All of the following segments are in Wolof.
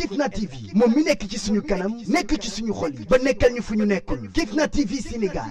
Kifna TV moom mi nekk ci suñu kanam nekk ci suñu xol yi ba nekkal ñu fu ñu nekkul Kifna TV Sénégal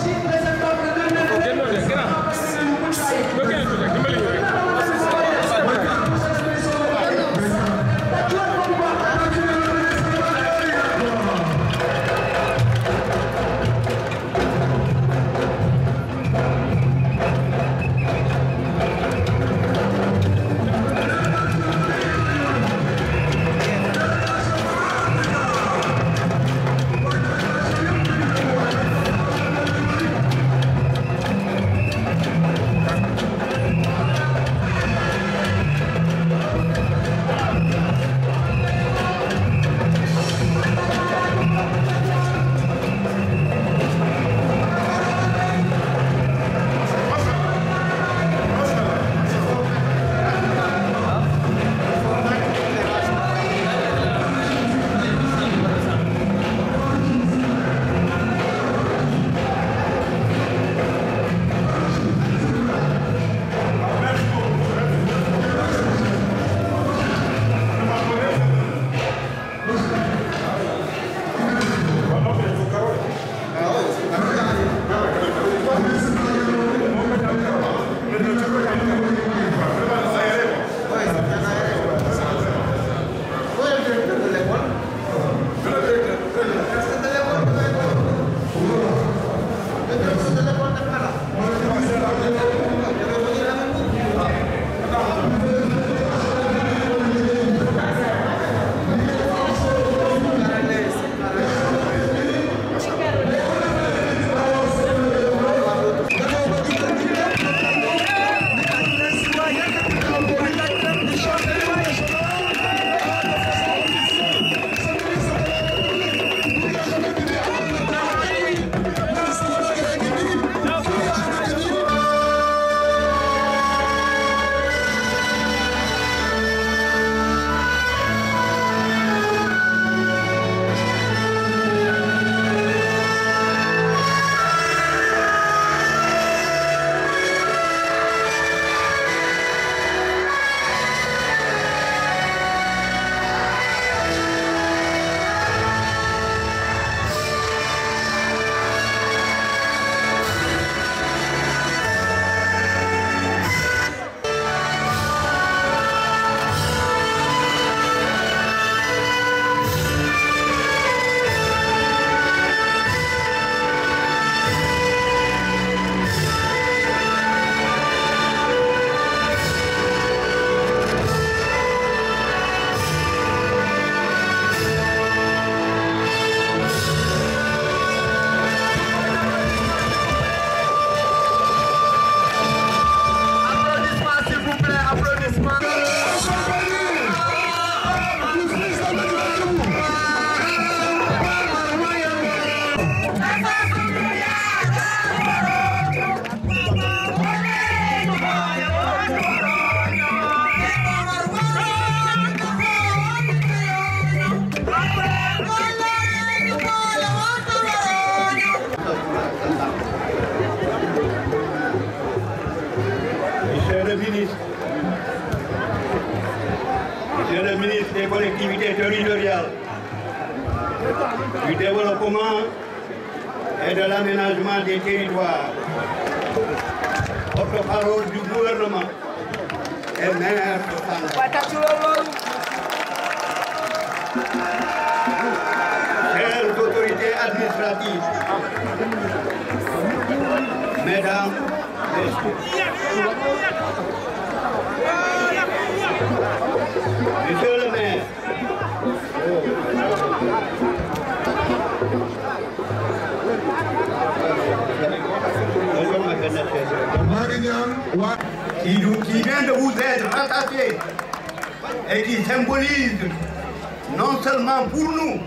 non seulement pour nous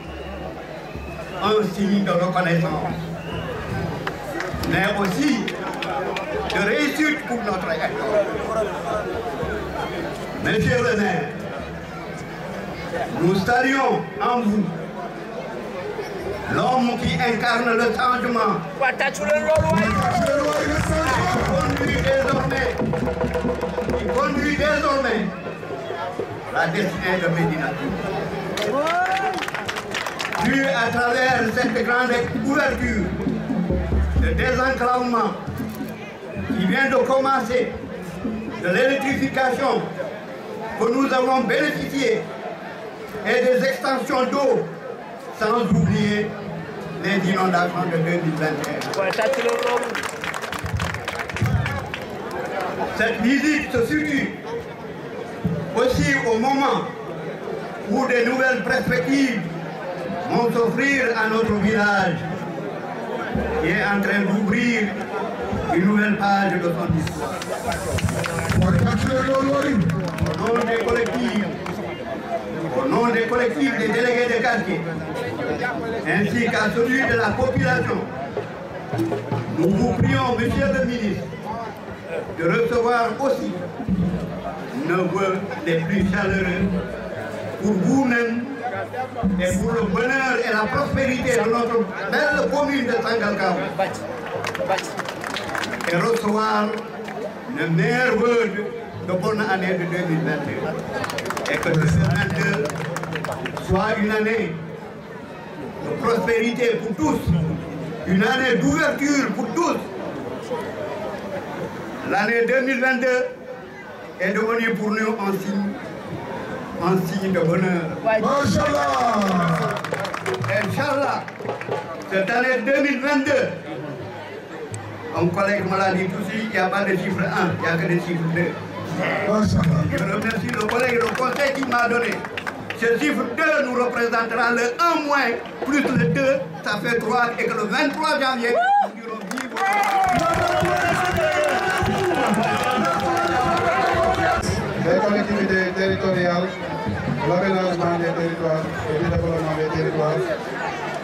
un signe de reconnaissance, mais aussi de réussite pour notre école. Monsieur le maire, nous saluons en vous l'homme qui incarne le changement. Qui conduit désormais, qui conduit désormais la destinée de Médina Vu à travers cette grande ouverture, le désenclavement qui vient de commencer, de l'électrification que nous avons bénéficié et des extensions d'eau, sans oublier les inondations de 2021. Cette visite se situe aussi au moment où des nouvelles perspectives vont s'offrir à notre village qui est en train d'ouvrir une nouvelle page de son histoire. Au nom des collectifs, au nom des collectifs des délégués de quartier, ainsi qu'à celui de la population, nous vous prions, Monsieur le ministre, de recevoir aussi nos voeux les plus chaleureux pour vous-même et pour le bonheur et la prospérité de notre belle commune de Tangalkam. Et recevoir le meilleur voeux de, bonne année de 2022. Et que 2022 soit une année de prospérité pour tous, une année d'ouverture pour tous. L'année 2022 est devenu pour nous un signe, un signe de bonheur. Inch'Allah Inch'Allah Cette année 2022, mon collègue m'a dit tout il n'y a pas de chiffre 1, il n'y a que des chiffres 2. Je remercie le collègue et le conseil qu'il m'a donné. Ce chiffre 2 nous représentera le 1 moins plus le 2, ça fait 3, et que le 23 janvier, nous irons vivre. des collectivités territoriales, l'aménagement des territoires et le développement des territoires,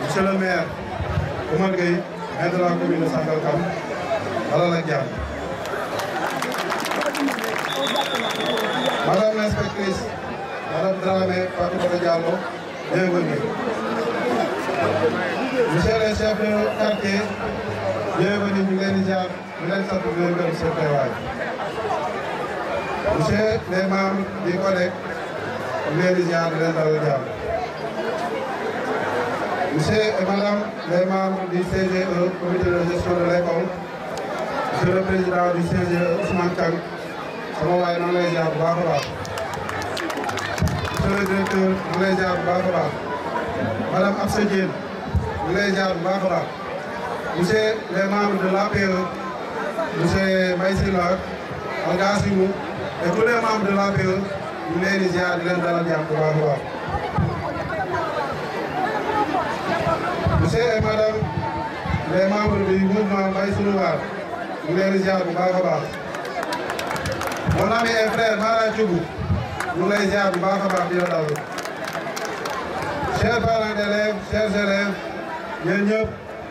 monsieur le maire Oumar Gueye, maire de la commune de Sangalkam, Dalal ak jàmm. Madame l'inspectrice, Madame Dramé Fatoumata Diallo, bienvenue. Monsieur le chef de quartier, bienvenue ñu ngi leen di jaar ñu leen sant di leen gërëm seen teewaay. monsieur les membres di collègue ñu leen di ziar leen dalal jàmm monsieur et madame les membres du CGE comité de gestion de l'école monsieur le président du CGE Ousmane Kang sama waay maa ngi lay ziar bu baax a baax monsieur le directeur maa ngi lay ziar bu baax a baax madame Absa Diène ñu lay ziar bu baax a baax monsieur les membres de l'APE monsieur Maïsila Algassimou et tous les membres de l'APE nous les di ziar di leen monsieur et madame les membres du mouvement Bay nous Waar de leen mon ami et frère Mara les ñu lay la chers parents d'élèves chers élèves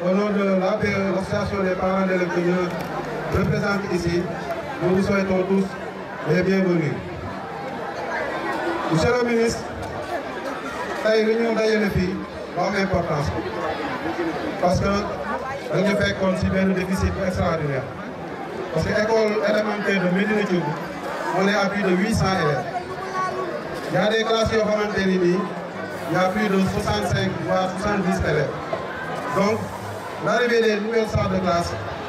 au nom de l'APE l'association des parents d'élèves que je représente ici nous vous souhaitons tous et eh, bienvenue. monsieur le ministre la réunion d'ailleurs dajale fii importance parce que dañu fekkoon ci une déficit extraordinaire parce que l'école élémentaire de médine on est à plus de 800 élèves. Il y a des classes vraiment été ni Il y a plus de 65, voire 70 élèves donc l'arrivée des nouvelles salles de classe.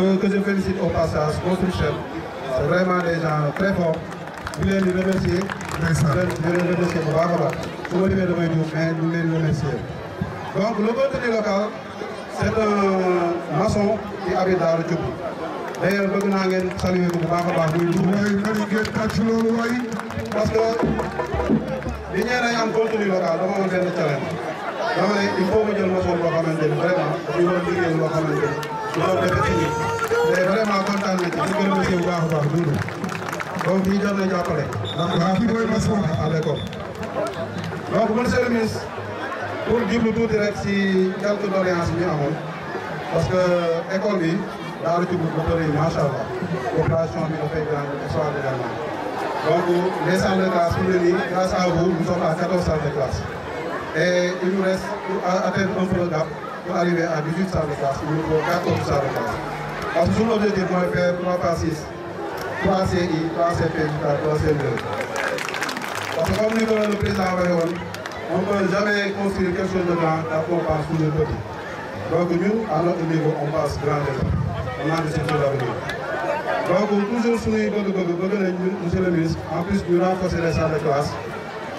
Euh, que je félicite au passage, au chef. C'est vraiment des gens très forts. Je voulais les remercier. Merci. Je voulais les remercier pour Bakoba. Je voulais les remercier. Donc, le contenu local, c'est un maçon qui habite dans le Tchoubou. D'ailleurs, je voulais saluer pour Bakoba. Parce que, les gens a un contenu local, on avons un challenge. Donc, il faut que je le maçon, vraiment, il faut que je le maçon, loolu dafa ci mais vraiment kontaan nañu ci di baax a baax Doudou moom fii doon na jàppale. waaw fii mooy Masson à l'école. donc monsieur le ministre pour jublu tuuti rek si quelques doléances yi ñu parce que école bi daal ci ba pare macha allah population bi dafay grande histoire donc les salles de classe fi mu ne à vous nous sommes à 14 de classe et il nous reste pour atteindre un peu pour arriver à 18 salles de classe, il nous faut 14 salles de classe. Parce que son objectif, moi, faire 3 par 6, 3 CI, 3 CP, 3 CE. Parce que comme nous, le président Bayon, on ne peut jamais construire quelque chose de grand d'abord par sous le petit. Donc nous, à notre niveau, on passe grand On a des choses à venir. Donc toujours sous les Monsieur le ministre, en plus de renforcer les salles de classe,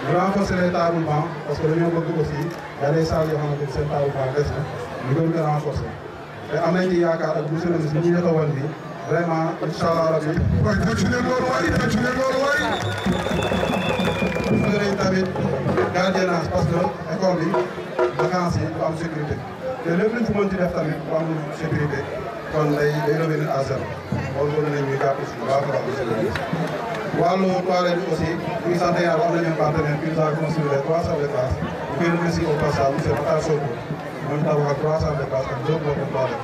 ñu renforcer les table banc parce que dañoo bëgg aussi y a des salles yoo xamante ni seen table banc des na te am yaakaar ak monsieur le ministre ñu jot a wan nii vraiment incha allah rabi. waaye dëccu leen loolu waay dëccu leen loolu waay. gis nañ tamit gardiennage parce que école bi vacances yi du am sécurité te lépp luñ fi mën ci def tamit du sécurité kon day day revenir à zéro loolu bëgg nañ ñu si bu baax a baax monsieur le wàllu toilette bi aussi ñu sant yàlla wax nañu partenaire qui nous a construit les 300 places ñu koy remercier au passage monsieur Matar Sogo moom itam wax 300 places ak deux blocs de toilette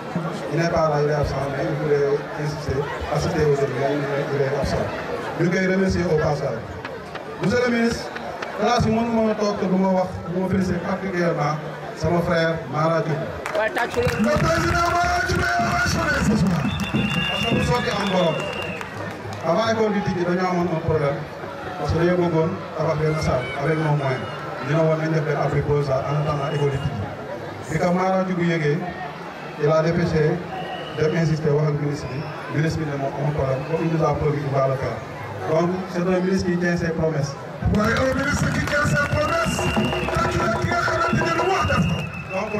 il n'est pas là il est absent mais il voulait insister assister aux élèves il est absent ñu koy remercier au passage. monsieur le ministre classe bi mënu ma toog te du ma wax du ma féliciter particulièrement sama frère Mara Diouf. le président Mara Diouf est en ce soir. parce que bu soog a am borom. avant école di tijji dañoo amoon un problème parce que dañoo bëggoon fait benn salle avec nos moyens Nous avons fait un def benn abri en attendant école Mais comme bi ka Mara il a dépêché d'insister au ministre le ministre de mon problème comme il nous a promis il va le faire donc c'est un ministre qui tient ses promesses. waaye un ministre qui tient ses promesses. ki nga xamante ne lu wax def ko. donc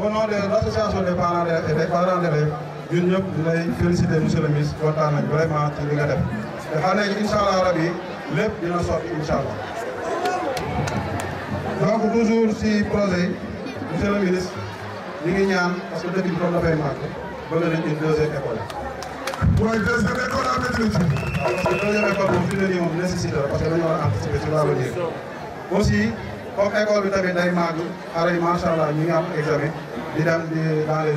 au nom de l'association des parents et des parents d'élèves ñun ñëpp ñu lay félicité monsieur le ministre kontaan nañ vraiment ci li nga def te xam ne incha allah rabi lépp dina sotti incha allah. donc toujours si projet yi monsieur ñu ngi ñaan parce que dëkk bi comme dafay manqué bëgg nañ une deuxième école. mooy deuxième parce que deuxième école moom nii moom nécessité la parce que dañu war a anticiper ci wàllu njëriñ. aussi comme école bi day màgg xale yi allah ñu ngi examen di dem di dans les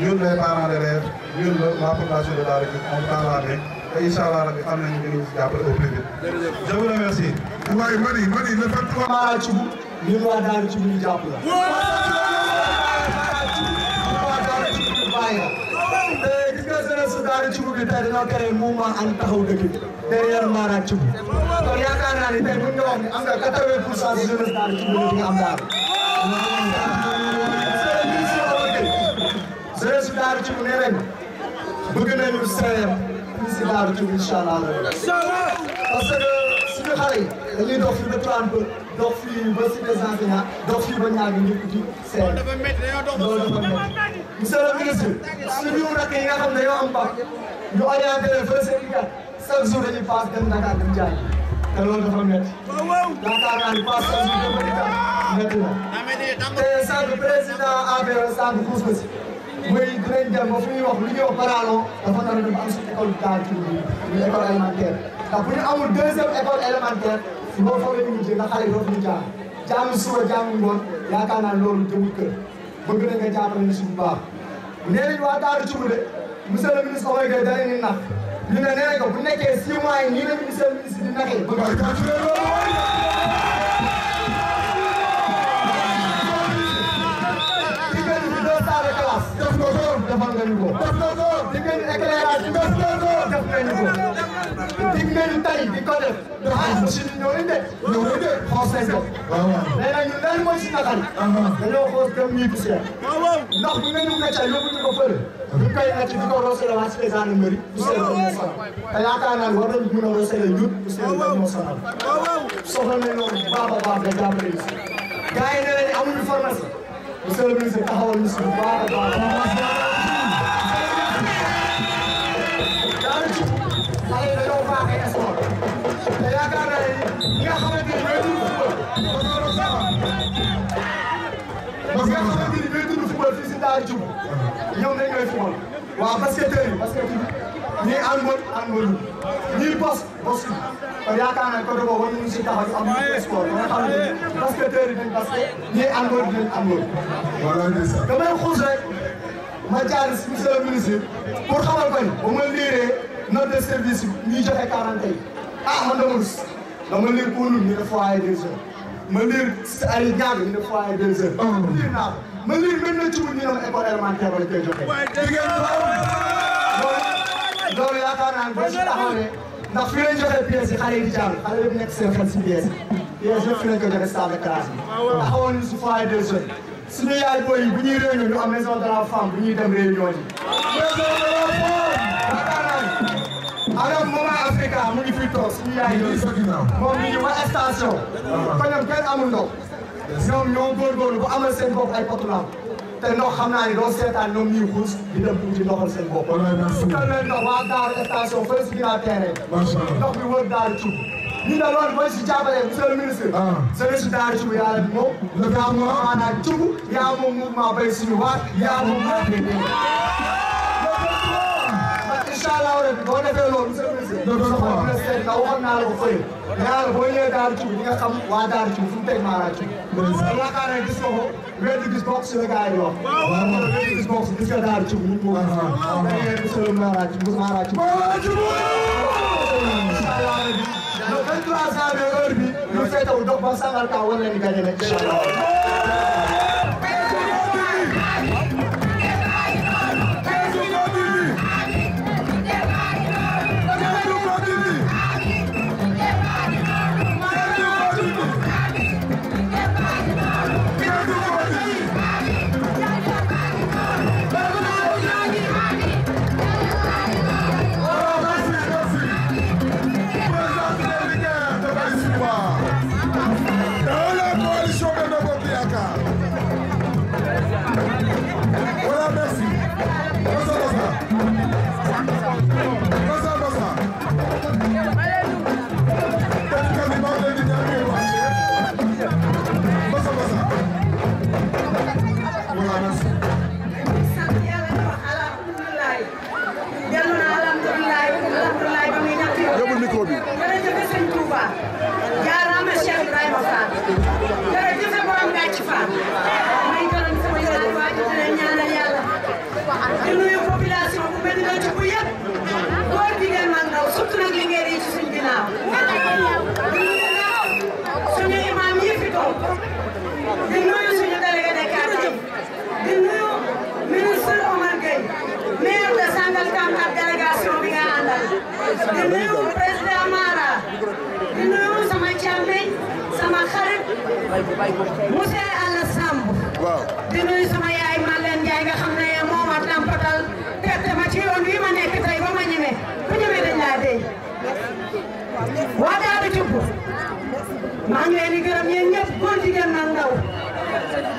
ñun les parents de d'élèves ñun la la population de la République moom taalaane te incha allah rabi xam nañu ñu ci jàppale au plus vite. je vous remercie. waaye mani mani le fait que. maa ci bu ñu waa daal ci bu ñu jàpp la. ci bu bi tey dañoo créé mouvement ànd taxaw dëkk bi derrière Mara ci bu kon yaakaar naa ni tey mën nga wax ni am nga 80 pour cent jeunesse daal ci bu nga am daal jeunesse su Daaru Cubb nee nañ bëgg nañu seer si Daaru Cubb incha allah parce que suñu xale yi dañuy dox fii ba Tivaouane ba dox fii ba Cité des Enseignants dox fii ba ñaari ñëpp di seer loolu dafa métti monsieur le ministre suñu rakk yi nga xam ne yoo am ba ñu orienté leen fële seen i chaque jour dañuy paas dem Dakar dem jaay te loolu dafa métti yaakaar naa ni paas chaque jour dem ba Dakar métti na te sànq président APR e sànq puus na si mooy dinañ dem ba fu ñuy wax lu ñuy wax parallon dafa nar a dem am suñu école culture bi muy école élémentaire ndax bu ñu amul deuxième école élémentaire loolu foog la ñu mujjee ndax xale yi dootuñu jaar jaamu suba jaamu ngoon yaakaar naa loolu jëmul bëgg na nga jàppale ñu si baax nee nañ waa Daara Thioub de monsieur le ministre Oya Gueye danañu nax ñu ne nee na ko bu nekkee six mois yi nii la ministre di naxee bëgg defal nga ñu ko. def na ko dig nañu éclairage def na ko def nañu ko. dig nañu tay di ko def. def nañu ko ah suñu ñëw nañu de. ñëw nañu de xoos nañu ko. waaw waaw nee nañu lan mooy si naqar. Ah, ah. dañoo xoos dem ñuy poussière. Ah, ndax bu ngeen ñu ko ca yóbbu ñu ko fële. ñu koy àcc di ko roosale waa Cité gendarmerie poussière ba moo sonal. te yaakaar naa ne war nañu mën a roosale ñun poussière ba moo sonal. soxla nañu loolu baax a baax nga jàppale ñu si. gars yi nee nañu amuñu pharmacie. monsieur le ministre taxawal ñu si bu baax a baax laa jublu ñoom dañ koy football waaw basketteur yi basketteur yi ñii handball handball ñii bos bos kon yaakaar naa côté boobu war nañu si taxaw ñu am ñu sport ba nga xam ne basketteur yi dañ basket ñii handball dinañ handball. voilà ndeysaan damay xuus rek ma jaar si monsieur le ministre pour xamal ko ni ba ma liiree note de service bi ñuy joxe quarante yi ah man dama rus dama liir Koungheul ñu ne foyer deux heures ma liir ay ñaar ñu ne foyer deux heures. liir naa ko. ma liir mel na ci wut ñu ne ma école élémentaire lañ koy joxe. jigéen ñi loolu loolu yaakaar naa ne boo ci taxawee ndax fii lañ joxee pièces yi xale yi di jàng xale yëpp nekk seen xel si pièces yi pièces yëpp fii lañ ko joxe salle de classe bi. taxawoon nañ su foyer des jeunes suñu yaay booy yi bu ñuy réunion ñu am maison de la femme bu ñuy dem réunion yi. maison de la femme. yaakaar naa ne alors maman Africa mu ngi fi toog suñu yaay yooyu. moom mi ngi wax station. kon nag kenn amul ndox. ñoom ñoo góorgóorlu bu amal seen bopp ay potu lampe te ndox xam naa ne doo seetaan ñoom ñuy xuus di dem tuuti ndoxal seen bopp. walaay naa si wutal leen ndox waa Daaru station fële si ginnaaw terrain. macha allah ndox bi wër Daaru Cuub. ñu ne loolu mooy si jàppale monsieur le ministre. ah sëriñ si Daaru Cuub yaa leen moom. dëgg la yaa moom maanaam Cuub yaa moom mouvement bay suñu waat yaa moom incha rabbi boo defee loolu monsieur le président. dëgg la waaw monsieur di nga xam waa Daara Thioub fu mu teg Mara Thioub. dëgg la yaakaar gis ko wéddi gis bokk si la gars yi wax. da ngeen di sori Mara Thioub Mara le 23 janvier heure di nuyu suñu délégué de quartier di nuyu ministre Omar Gueye maire de Sangalkam ak délégation bi nga àndal di nuyu président Mara di nuyu sama càmmiñ sama xarit monsieur Alla Samb di nuyu sama yaay Malène Ndiaye nga xam ne moo ma tàmpatal tette ma ci yoon wi ma nekk tey ba ma ñemee ku ñemee dañ laa dee waa daal di jubbu maa ngi leen di gërëm yéen ñëpp góor jigéen mag ndaw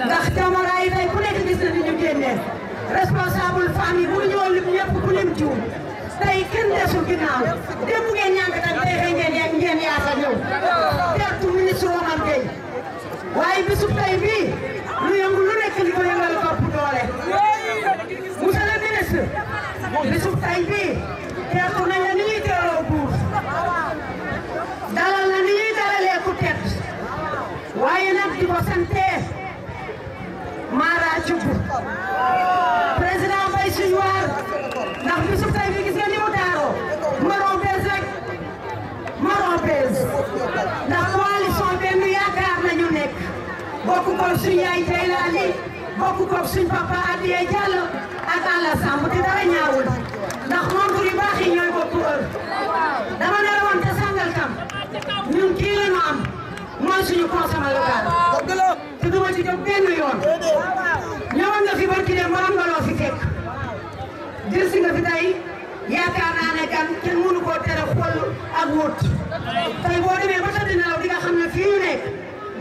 ndax jamono yi tey ku nekk gis na ni ñu génnee responsable femme yi bu ñu ñëwoon lim ñëpp ku lim jiw tey kenn desul ginnaaw démb ngeen ñàkk tam tey xëy ngeen yaa ngeen yaasa ñëw tertu ministre Omar Gueye waaye bisub tey bii lu yëngu lu nekk li ko yëngal kopp doole monsieur le ministre bisub tey bii tertu ya, nañ bokk koog suñu yaay Dieyla Ali bokk koog suñu papa Adiya Diallo ak Alla Samb te dara ñaawul ndax montre yu baax yi ñooy bokk heure dama ne la woon te Sangalkam ñun kii la ñu am mooy suñu consommé local te duma ci jóg benn yoon ñëwoon nga fi barki dem ba am nga loo fi fekk jël si nga fi tey yaakaar naa ne gan kenn mënu koo tere xool ak wut tey boo demee ba tëdd nelaw di nga xam ne fii ñu nekk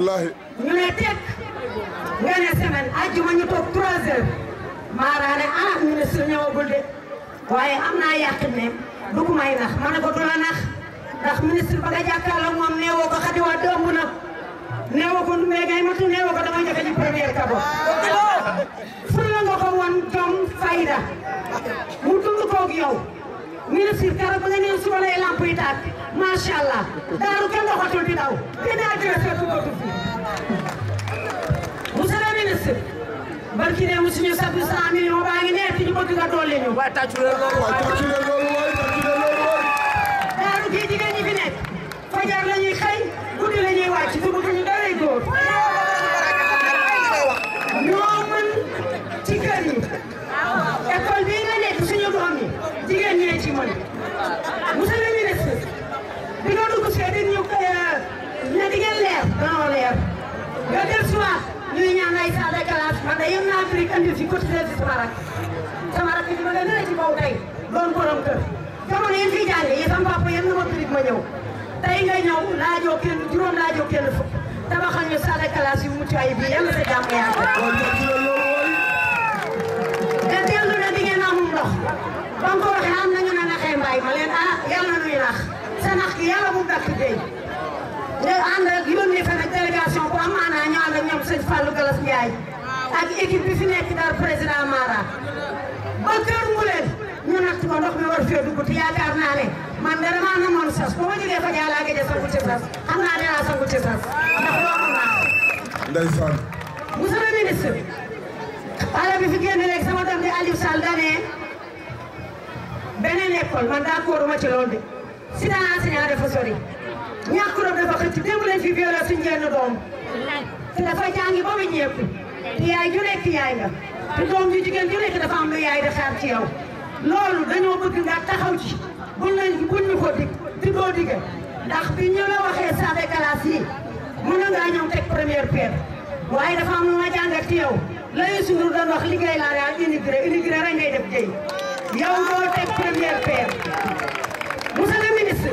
wallaahi. ñu ne tekk nga ne semaine ajjuma ñu toog 3 heures maanaam ah, ne ah ñëwagul de waaye am naa yàqin ne du may nax ma ne ko du la nax ndax ministre ba nga moom neewoo xati waa dëmb na neewoo ko mais ngay matu neewoo dama joxe ci première kabo. ful la nga ko woon jom fayda mu dund koog yow. ministre keroog ba nga ñëw suba lay lamp yi daaru kenn doxatul di daw kenn agressé ku dootu fi. monsieur le ministre barki ne mu suñu sàbbi cent millions baa ngi nekk ñu bëgg nga dolli ñu. waaye tàccu leen loolu waay leen loolu waay fi nekk fajar la ci bëgg ñu dalay góor. yéen fii jàngee yéen sama papa yéen na ma tudd ma ñëw tey ngay ñëw laajoo kenn juróom laajoo kenn fukk tabaxal ñu salle de classe yu mucc ayib yi yal na sa jàmm yaa ko. te teelu di ngeen amum ndox ba nga ko waxee am na naxee mbaay ma leen ah yàlla nuy nax sa nax gi yàlla bu dakk dee. nga ànd ak yónnee fa nag délégation bu am maanaa ñu ànd ak ñoom sëñ Fallou Galas Ndiaye ak équipe bi fi nekk daal président Mara ba kër mu leen. ñu natt ko ndox mi ne man de damaa namoon sas ba ma jógee fa jàllaa gëj a sangu ci sas xam naa sangu ci sas ndax loolu naa ndeysaan fi génn léegi sama doom di Aliou Sall danee beneen école ma ci loolu de si daan enseignant dafa sori ñàkk doom dafa xëcc démb lañ fi violé suñu dafa jàngi ba mu ñëpp yaay ju nekk yaay nga te doom ju ju nekk dafa am lu yaay di xaar loolu dañoo bëgg nga taxaw ci buñ leen buñ ñu ko dig di koo dige ndax bi ñu la waxee salle de classe yi mën na ngaa ñëw teg première pierre waaye dafa am lu ma jàngat ci yow la Youssou Ndour doon wax liggéey laa daal immigré immigré rek ngay def jëy yow doo teg première pierre monsieur le ministre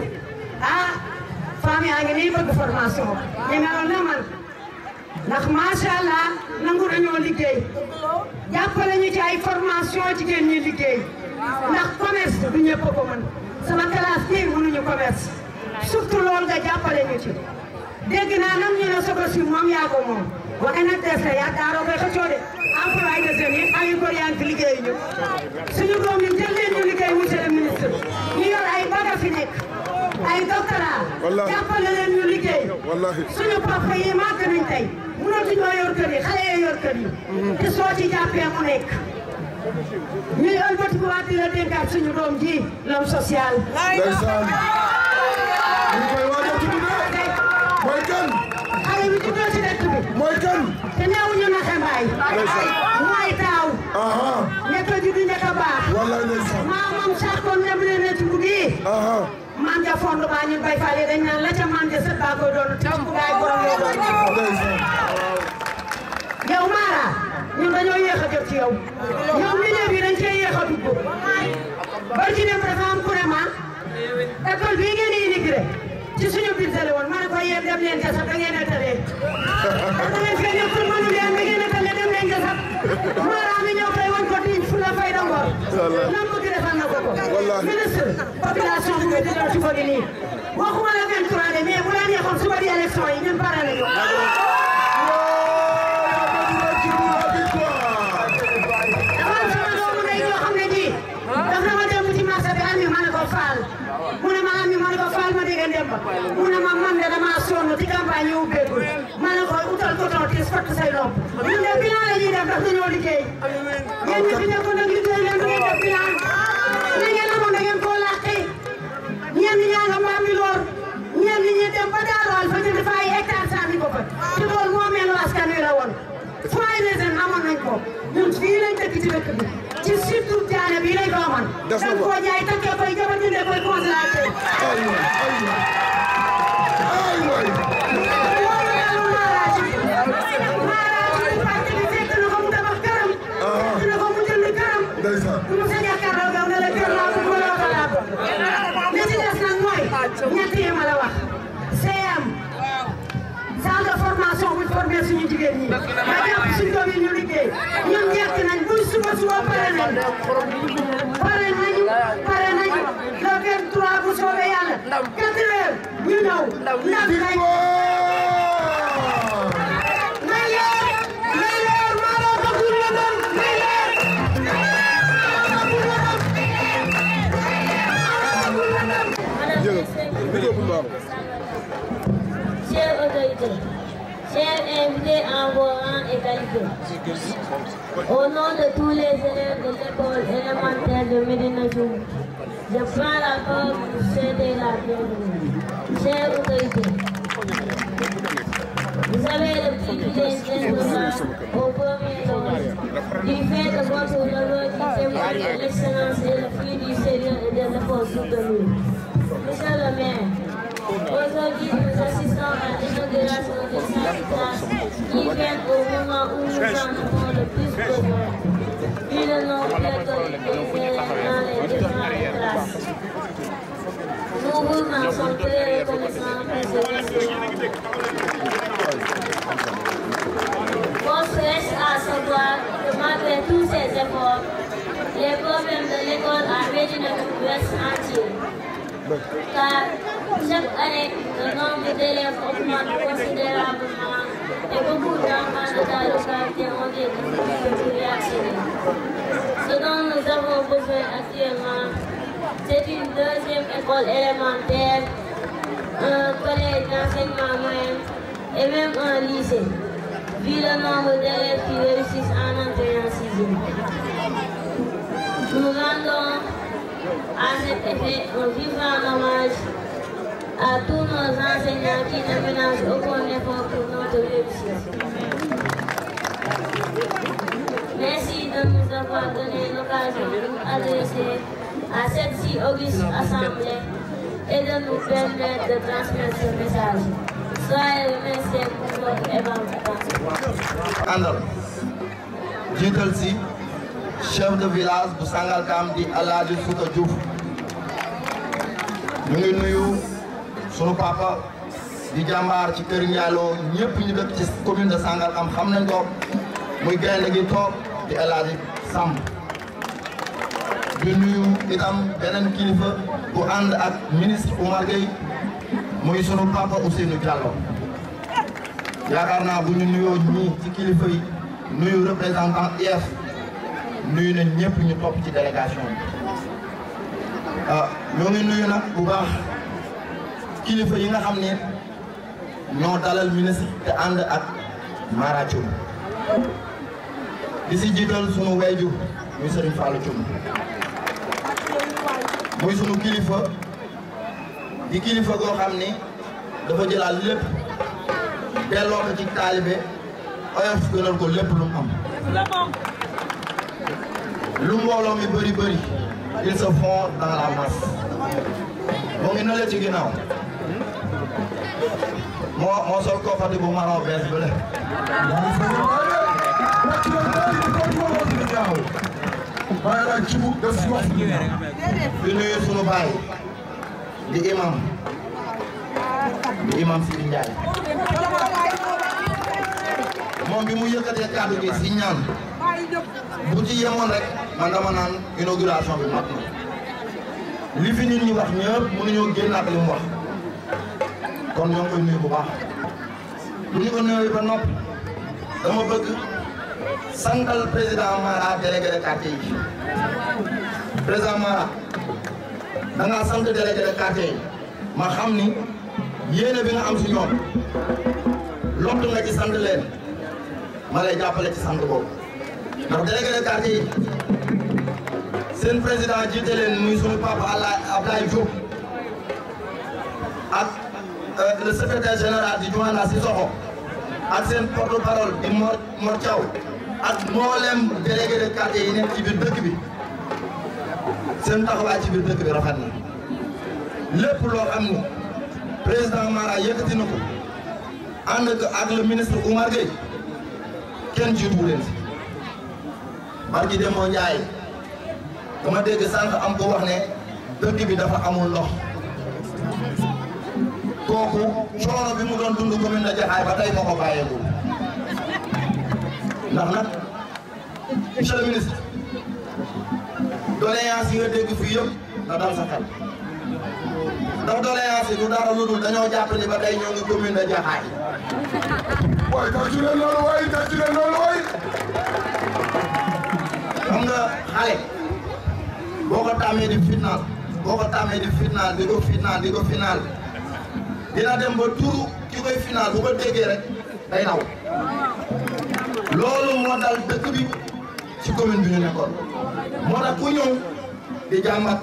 ah femme yaa ngi nii bëgg formation ñu meloon na man ndax macha allah nangu dañoo liggéey jàppale ñu ci ay formation jigéen ñi liggéey ndax commerce du ñëpp ko mën sama classe bii mënuñu commerce surtout loolu nga naa nam ñu ne Sogo si moom yaa ko moom waaye nag des na yaa daaroo koy xëccoo de emploi de jeunes yi ay yaa ngi liggéey ñu suñu doom leen ñu liggéey monsieur le ministre ñu yor ay baga fi nekk ay doctorat jàppale leen ñu liggéey suñu papa yi màgg nañ tey mënatuñoo yor kër yi xale yi yor mm-hmm. soo ci jàppee mu nekk ñuy ëlbatiku waat di la dénkaat suñu doom ji l'homme social. ndeysaan ñu koy waaj a tudd de mooy kan. xale bi juddoo ci dëkk bi. mooy kan. te neewuñu naxe mbaay. mooy taaw. ñett a judd ñett a baax. wallaay ndeysaan. maamam sax kon dem leen ne tudd gii. maam ja fond ba ñun bay fale dañ naan la ca maam ja sët baa koy doon tam gaay borom lay doon. yow Mara. ñun dañoo yéex a jot ci yow ñoom milieu bi dañ cee yéex a dugg bari ci dem dafa am kuréemaa école bii ngeen di immigré ci suñu biir tale woon ma ne ko yéen dem leen ca sax da ngeen a talee da ngeen fekk ñëpp mënu leen da ngeen a talee dem leen ca sax maanaam mi ñëw tey woon ko di fu la fay dangor lan bëgg defal na ko ko ministre population bi nga jëlal ci ko di nii waxuma la 23 de mais bu la neexoon suba di élection yi ñun pare nañu mu ne ma man de damaa sonn ci campagne yi ma ne ko utal ko taw tiis fatt say nopp ñun de bilan la ñuy def ndax dañoo liggéey na ngeen amoon ñeen ñi ñaa nga mbaam mi loor ñeen ñu dem ba daaroal fa jënd fa ay hectare sànni ko fa te loolu moo mel askan wi la woon foyer ñun fii lañ dëkk ci dëkk bi ci surtout jaana bii lay dooman. des na ko koo jaay takkee koy jabar jëndee koy consulateur. aywa aywa aywa. loolu daal maaraay bi. maaraay bi parti bi fekk na ko mu tabax këram. fekk na ko mu jënd këram. ndeysaan mu sa jàkkaarloo gaw na la kër laa ko wala wala laa ko. li ci des nag mooy ñett yi ma la wax. CM. salle de formation bu ñu formé suñu jigéen ñi. ma jàpp suñu doom yi ñu liggéey ñoom ñett na. suba suba pare nañu pare nañu pare nañu le 23 bu soobee yàlla 4 heures ñu ñëw ndam rek. jërëjëf. Chers invités en rangs et qualités. au nom de tous les élèves de l'école élémentaire de Medina je prends la parole pour céder la bienvenue. Chers autorités, vous avez le privilège d'être là au premier rang du fait de votre valeur qui témoigne de l'excellence et le fruit du Seigneur et de l'effort soutenu. Monsieur le maire, Aujourd'hui, nous assistons à l'inauguration de classe qui viennent au moment où nous en avons le plus besoin. Une le nom de dans les classe. Nous vous en sommes très reconnaissants, On laisse à savoir que malgré tous ces efforts, les problèmes de l'école à Medina West entier. Car chaque année, le nombre d'élèves augmente considérablement et beaucoup d'enfants de dans le quartier ont des difficultés à y Ce dont nous avons besoin actuellement, c'est une deuxième école élémentaire, un collège d'enseignement moyen et même un lycée, vu le nombre d'élèves qui réussissent en entrée en sixième. Nous rendons à cet effet un vivant hommage à tous nos enseignants qui ne ménagent aucun effort pour notre réussite. Merci de nous avoir donné l'occasion de nous adresser à cette si auguste assemblée et de nous permettre de transmettre ce message. Soyez remerciés pour votre évaluation. Alors, jiital si chef de village bu Sangalkam Allah du Fouta Diouf Nous sunu papa di jàmbaar ci kër Ndiallo ñëpp ñu dëkk ci commune de am xam nañ ko muy gaynde gi toog di El Hadj Samb di nuyu itam beneen kilifa bu ànd ak ministre Oumar Gueye muy sunu papa Ousseynou Diallo yaakaar naa bu ñu nuyoo ñii ci kilifa nuyu représentant IEF nuyu nañ ñëpp ñu topp ci délégation bi ah, ñoo ngi nuyu nag bu baax. kilifa yi nga xam ne ñoo dalal ministre te ànd ak Mara di si jiital sunu wayju muy Serigne Fallou Thioum muy sunu kilifa di kilifa goo xam ne dafa jëlaat lépp delloo ko ci taalibe oyof gënal ko lépp lu mu lu mbooloo bëri bëri ils se font dans la masse moo ngi na ci ginnaaw moo moo sol ko fati bu maraw bees bi le di nuyu sunu baay di imam di imam Sidi Ndiaye moom bi mu yëkkatee kàddu gi si ñaan bu ci yemoon rek man dama naan bi mat na li fi nit ñi wax ñëpp mënuñoo génnaat li mu wax kon ñoo ngi koy bu baax bu ñu ko nuyoo ba nopp dama bëgg santal président ma délégué de quartier yi président ma xam ni yéene bi nga am si ñoom lottu nga ci sant leen ma lay jàppale ci sant boobu ndax délégué de quartier seen président jiite leen muy sunu papa Abdoulaye Diop ak. le secrétaire général di Jumaana Sissoko ak seen porte parole di Mor Mor Thiaw ak mboolem délégué de quartier yi nekk ci biir seen taxawaay ci biir dëkk bi rafet na lépp loo xam ni président Mara yëkkati na ko ànd ak le ministre Oumar Gueye kenn jiitu leen si barki Demba Ndiaye dama dégg sànq am ko wax ne dëkk bi dafa amul ndox. kooku coono bi mu doon dund commune de Jaxaay ba tey moo ko bàyyeegul ndax nag monsieur ministre doléance yi nga dégg fii yëpp nga dal sa xel ndax doléance yi du dara lu dul dañoo jàpp ni ba tey ñoo Jaxaay. waaye tàccu leen loolu waaye tàccu leen loolu nga xale boo ko tàmmee di fitnaal boo ko tàmmee di fitnaal di ko fitnaal di ko fitnaal. dina dem ba turu ki koy finance bu ko déggee rek day naw loolu moo dal dëkk bi ci commune bi ñu nekkoon moo tax ku ñëw di jàmbat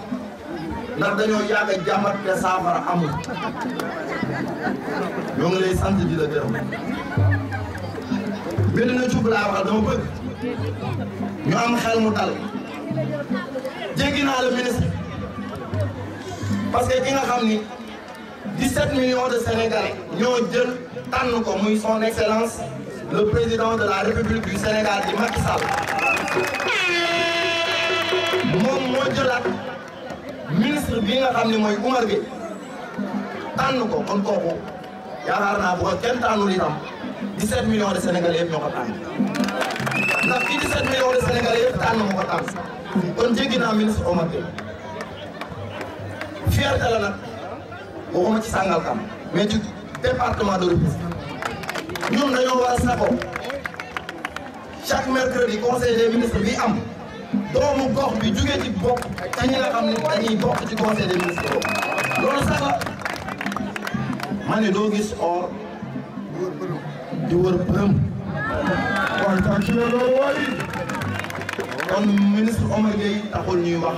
ndax dañoo yàgg a jàmbat te saafara ñoo ngi lay sant di la gërëm benn na cub dama bëgg ñu am xel mu dal jéggi naa la ministre parce ki nga xam ni 17 millions de Sénégalais ñoo jël tant ko muy son excellence le président de la République du Sénégal di Macky Sall moom moo jëlaat ministre bi nga xam tant nous Oumar Gueye tànn ko kon a yaakaar naa bu ko nous tànnul itam 17 millions de Sénégalais ont ñoo La fille ndax 17 millions de Sénégalais yëpp tànn moo On tànn kon un ministre Oumar Gueye de la nag waxuma ci Sangalkam mais ci département de Rufisque ñun dañoo war a sakko chaque mercredi conseil des ministres bi am doomu gox bi jugee ci bokk te ñi nga xam ne dañuy bokk ci conseil des ministres boobu loolu sax la ma ne doo gis or di wër përëm kontaan ci loolu waay kon ministre Omar Gueye taxul ñuy wax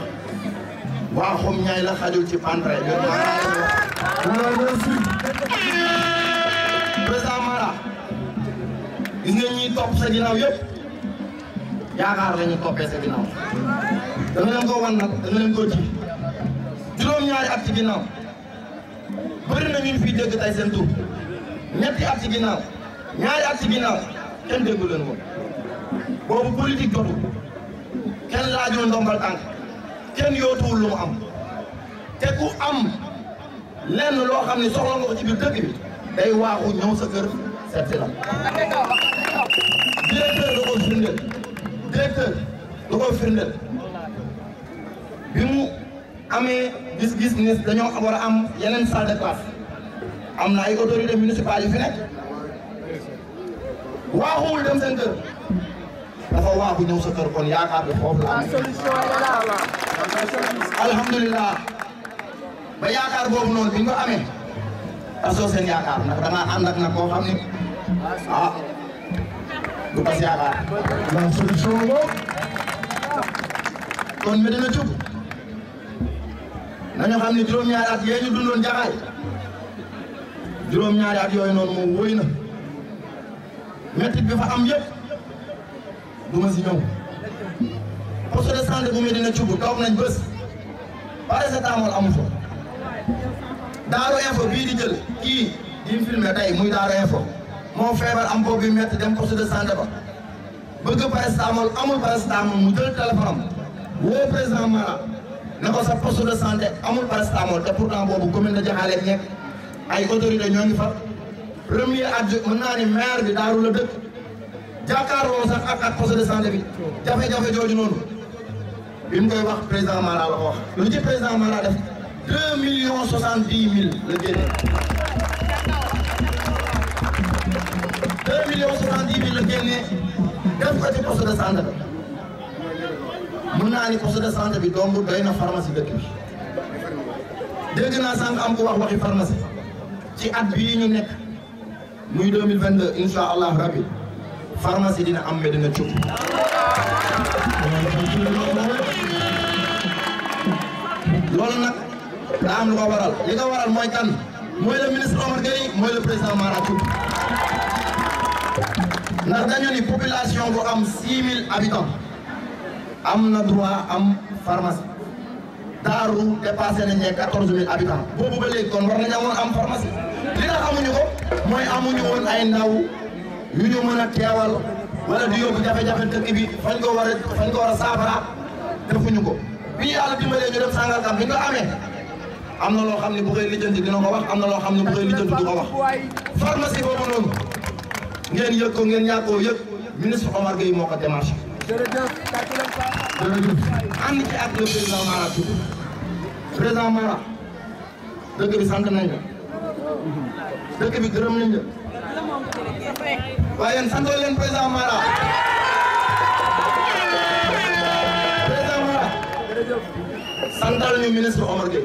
waa xom ñaay la xajul ci pantre loolu aussi président Mara gis nga ñuy topp sa ginnaaw yëpp yaakaar la ñuy toppee sa ginnaaw da nga leen ko wan nag da leen ko ji juróom-ñaari at ci ginnaaw bëri na ñu fi dégg tey seen ñetti at ci ginnaaw ñaari at ci ginnaaw kenn déggu leen ko boobu politique jotu kenn laajul ndombal tànk kenn yootuwul lu am te ku am. lenn loo xam ne soxla nga ko ci biir dëkk bi waaxu ñëw sa kër seet si la. directeur da ko firndeel directeur bi mu amee gis-gis ni dañoo war a am yeneen salle de classe am na ay autorités municipales yu fi nekk waaxuwul dem seen kër waaxu ñëw sa kon yaakaar bi foofu la am. alhamdulilah. ba yaakaar boobu noonu bi ñu ko yaakaar ndax da ngaa ànd nag koo xam ne ah du tas yaakaar. la solution boobu kon mi dina jub nañu xam ne juróom-ñaari at yee ñu dundoon jaxaay juróom-ñaari at yooyu noonu moom wóy na métti bi fa am yëpp du ma si ñëw poste de santé bu Médina Thioub toog nañ bés paracetamol amu fa. Daaru Info bii di jël kii di filmer tey muy Daaru Info moo feebar am boobu metti dem poste de santé ba bëgg paracétamol amul paracétamol mu jël téléphone woo président Mara ne ko sa de santé amul paracétamol te pourtant boobu commune de Diakhalé nekk ay autorité ñoo ngi fa premier adjoint mën naa ni maire bi daaru la dëkk jàkkaarloo sax ak ak poste de santé bi jafe-jafe jooju noonu bi mu koy wax président Mara la ko wax lu ci président Mara deux millions soixante dix mille la génne deux millions soixante dix mille la génne def ko ci poste de santé bi mun naa ni poste de santé bi donc doy na pharmacie dëkk bi dégg naa sànq am ku wax waxi pharmacie ci at bii ñu nekk muy deux mille vingt deux incha allah pharmacie dina am mais dina cukk loolu da am lu ko waral li ko waral mooy kan mooy le ministre Omar Gueye le président Mara Thioub dañu ni population bu am 6000 habitants am droit am pharmacie Daru dépassé nañ 14000 habitants boobu ba léegi kon war nañu amoon am pharmacie li tax amuñu ko mooy amuñu woon ay ndaw yu ñu mën a wala di yóbbu jafe-jafe dëkk bi fañ ko war fañ ko war a defuñu ko bi ñu yàlla ñu dem Sangalkam bi ñu ko amna lo xamni bu xey lijeenti dina ko wax amna lo xamni bu xey lijeenti du ko wax pharmacie boobu non ngeen yëg ko ngeen ñako koo ministre Omar gay moko démarche démarché ci ak le président Mara Touré président Mara deug bi sant nañ la deug bi gërëm nañ la wayen sant leen président Mara président Mara santal ñu ministre Omar gay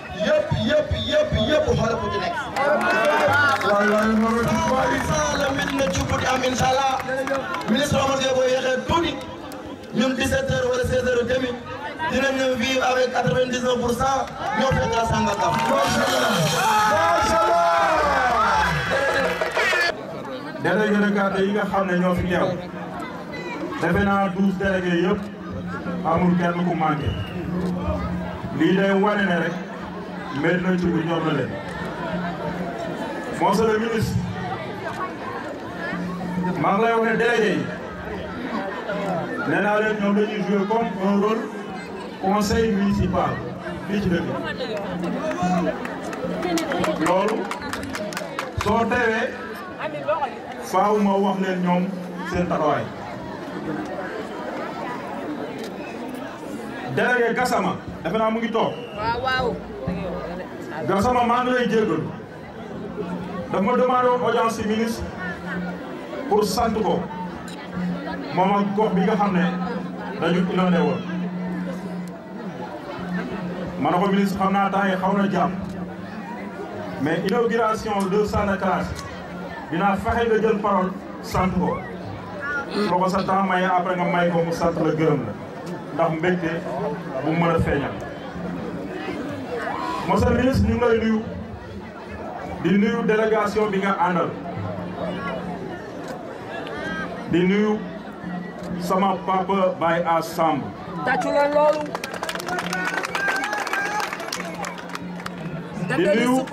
yëpp yëpp yëpp yëpp xoolal ku ci nekk. waay waay waroon ci waay. la mel na ci guddi am incha allah ministre Omar Gueye boo yéexee tuuti ñun 17 heures wala 16 heures demi dinañ ñëw vivre avec 99 pour cent ñoo fekk la Sangalkam. macha allah macha allah. délégué de quartier yi nga xam ne ñoo fi teew defe naa 12 délégués yëpp amul kenn ku manqué lii day wane ne rek. mais dinañ ci biir ñoom la leen. monsieur le ministre maa ngi lay wax ne délégué yi nee naa leen ñoom dañuy jouer comme un rôle conseil municipal fii ci loolu soo teewee faaw ma wax leen ñoom seen taxawaay. délégué Gassama defe naa mu ngi toog. waaw waaw. maa ngi lay jégalu. daf ma demandé woon audience ci ministre pour sant ko moom ak bi nga xam ne dañu inondé woon. ministre xam naa temps xaw na jàpp mais inauguration de Sanda Kalaas dinaa fexe nga jël parole sant ko. soo ko sa temps maye nga may ko sant la gërëm ndax mbégte bu mu mën a feeñal. monsieur le ministre ñu di nuyu di sama papa Baye Assamb tàccu leen loolu di nuyu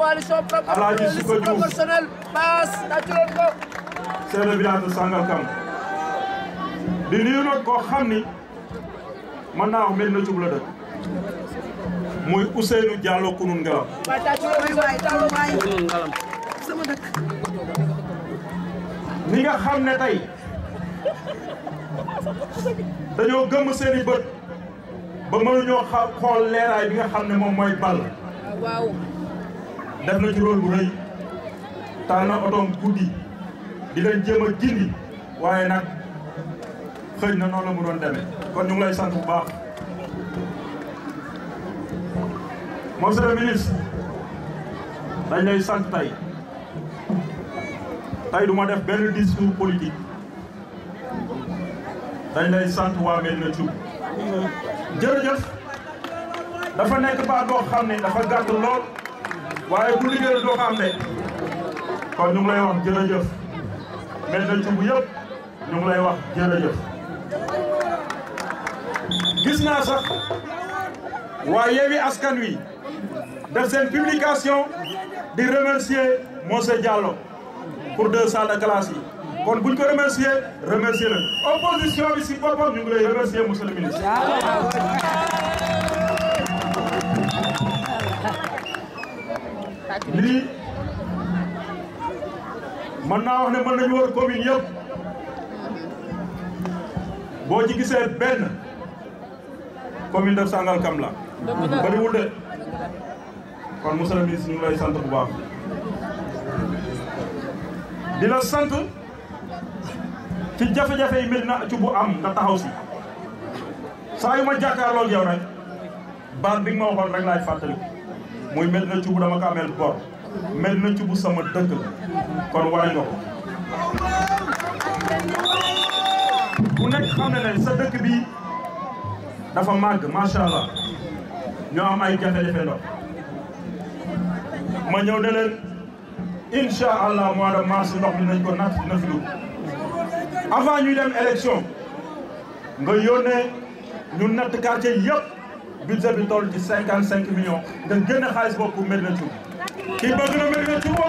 Alaaji Suka Diouf c'est le village de Sangalkam di nuyu nag koo xam ni mën naa muy Ousseynou Diallo Kounoune Ngalam. ñi nga xam ne tey dañoo gëmm seeni bët ba mënuñoo xa xool leeraay bi nga xam ne moom mooy bal def na ci rôle bu rëy taal na otoom guddi di leen jéem a gindi waaye nag xëy na noonu la mu doon demee kon ñu lay sant bu baax. monsieur le dañ lay sant tey tey du ma def benn discours politique dañ lay sant waa Médina Thioub jërëjëf dafa nekk ba doo xam ne dafa gàtt lool waaye bu liggéey doo xam ne kon ñu ngi lay wax jërëjëf Médina Thioub yëpp ñu ngi lay wax jërëjëf gis naa sax waa Yewwi Askan Wi dans cette publication de remercier monsieur Diallo pour deux salles de classe Donc, vous buñ remercier remercier le opposition ici nous boppam remercier M. le ministre. lii mën naa wax ne mën nañu wër commune c'est boo ci commune de Sangalkam Kamla. bëriwul de kon monsieur le ministre ñu ngi lay sant bu baax di la sant ci jafe-jafe yi mel na ci bu am nga taxaw si ma jàkkaarloo ak yow rek baat bi nga ma waxoon rek laay fàttali muy mel na ci dama ko bor mel na ci sama dëkk kon wane nga ko nekk xam sa dëkk bi dafa màgg macha ñoo am ay jafe-jafe ndox ma ñëw ne leen incha allah mois de mars ndox mi nañ ko natt dina fi dugg avant ñuy dem élection nga yónnee ñu natt quartier yëpp budget ci cinquante cinq millions nga génne xaalis boobu pour Médina Thioub kii bëgg na Médina Thioub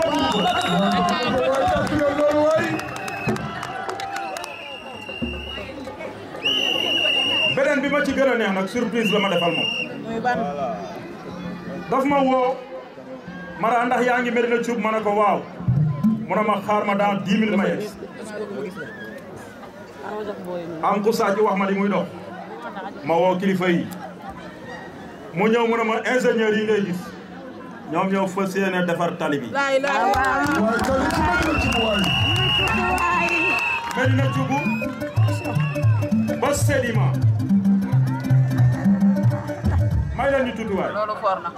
beneen bi ma ci gën a neex nag surprise la ma defal moom muy ban daf ma woo mara ndax yaa ngi Médina Thioub ma ne ko waaw mu ne ma xaar ma dans dix minutes ma yegg am ku wax ma li muy dox ma woo kilifa yi mu ñëw mu ne ma ingénieur yi ngay gis ñoom ñoo fas yéene defar tali bi Médina Thioub ba Sedima may leen ñu tudd waay. loolu foor na.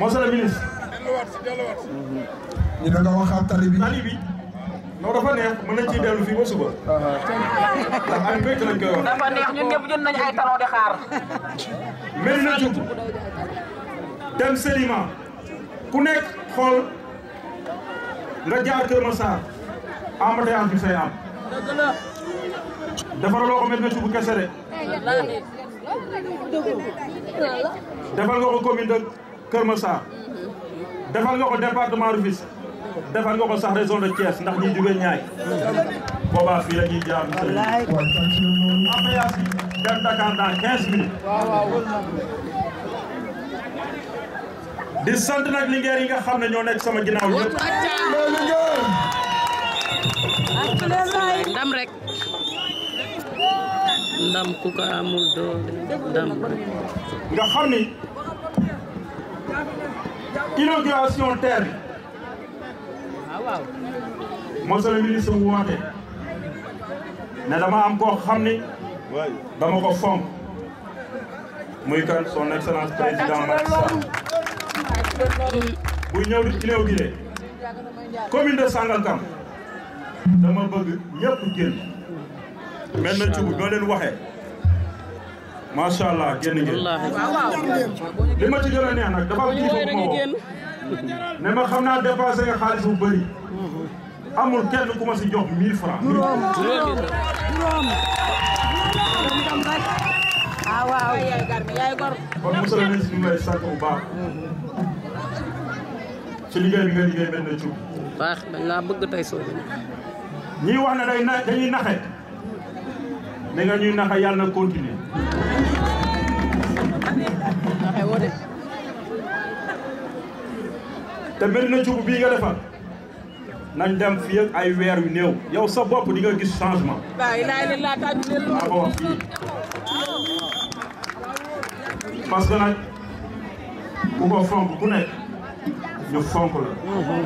monsieur le ministre. delluwaat si waxaat tali bi dafa neex mën nañ ciy dellu fii ba suba. ndax ay mbéyte lañ koy wax. di xaar. mel na jub dem Sédiment ku nekk xool nga jaar Kër Massar amate am fi say am. dëgg la. defaraloo na jub kese de. defal nga ko commune de Kër Massar defal nga ko département Rufisque defal nga ko sax région de Thiès ndax ñi jóge ñaay boobaa fii la ñuy jaar ambiance yi dem Dakar quinze minutes di sant nag lingeer yi nga xam ne ñoo nekk sama ginnaaw yëpp ndam rek ndam ku ko amul doo ndam nga xam ni inauguration TER bi monsieur le ministre bu woote ne dama am koo xam ni dama ko fonk muy kan son excellence président Macky Sall buy ñëw di inauguré commune de Sangalkam dama bëgg ñëpp génn mel na ci wu ñoo leen waxee macha allah génn ngeen li ma ci gën neex nag dafa am kilifa bu ma woo ne ma xam naa dépassé nga xaalis bu bëri amul kenn ku si jox 1000 francs ah waaw yaay gor. kon monsieur le ministre ñu ngi lay sant bu baax. ci liggéey liggéey mel na ci. baax dañ laa bëgg tey soo ñuy wax ne day naxe. Nega nga ñuy naxa yàlla na continuer te mbir na cub bii nga defar nañ dem fii ak ay weer yu néew yow sa bopp di nga gis changement maa ko wax fii parce que nag ku ko fonk ku nekk ñu fonk la mhm.